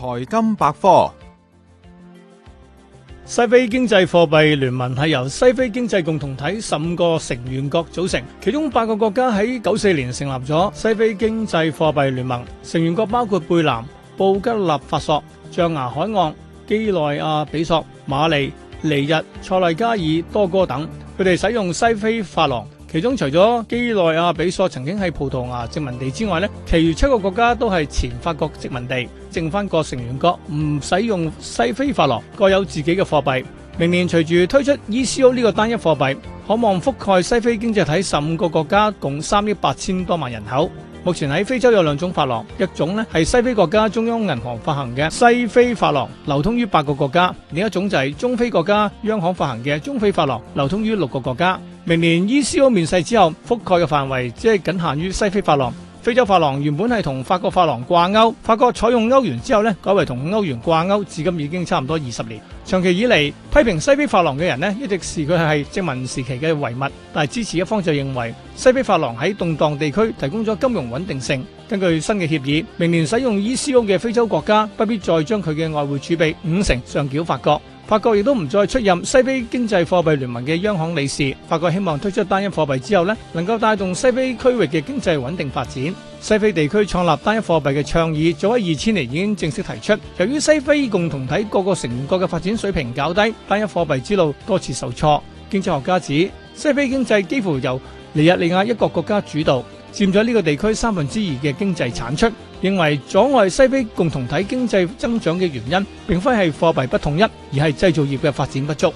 財金百科：西非經濟貨幣聯盟係由西非經濟共同體十五個成員國組成，其中八個國家喺九四年成立咗西非經濟貨幣聯盟，成員國包括貝南、布吉納法索、象牙海岸、幾內亞比索、馬利、尼日、塞內加爾、多哥等，佢哋使用西非法郎。其中除咗幾內亞比索曾經係葡萄牙殖民地之外咧，其餘七個國家都係前法國殖民地，剩翻個成員國唔使用，用西非法郎，各有自己嘅貨幣。明年隨住推出 ECO 呢個單一貨幣，可望覆蓋西非經濟體十五個國家，共三億八千多萬人口。目前喺非洲有兩種法郎，一種呢係西非國家中央銀行發行嘅西非法郎，流通於八個國家；另一種就係中非國家央行發行嘅中非法郎，流通於六個國家。明年 ECO 面世之後，覆蓋嘅範圍只係僅限於西非法郎。非洲法郎原本係同法國法郎掛鈎，法國採用歐元之後呢改為同歐元掛鈎，至今已經差唔多二十年。長期以嚟，批評西非法郎嘅人呢一直視佢係殖民時期嘅遺物，但係支持一方就認為西非法郎喺動盪地區提供咗金融穩定性。根據新嘅協議，明年使用 ECO 嘅非洲國家不必再將佢嘅外匯儲備五成上繳法國。法國亦都唔再出任西非經濟貨幣聯盟嘅央行理事。法國希望推出單一貨幣之後咧，能夠帶動西非區域嘅經濟穩定發展。西非地區創立單一貨幣嘅倡議，早喺二千年已經正式提出。由於西非共同體各個成員國嘅發展水平較低，單一貨幣之路多次受挫。經濟學家指，西非經濟幾乎由尼日利亞一個國家主導。佔咗呢個地區三分之二嘅經濟產出，認為阻礙西非共同體經濟增長嘅原因並非係貨幣不統一，而係製造業嘅發展不足。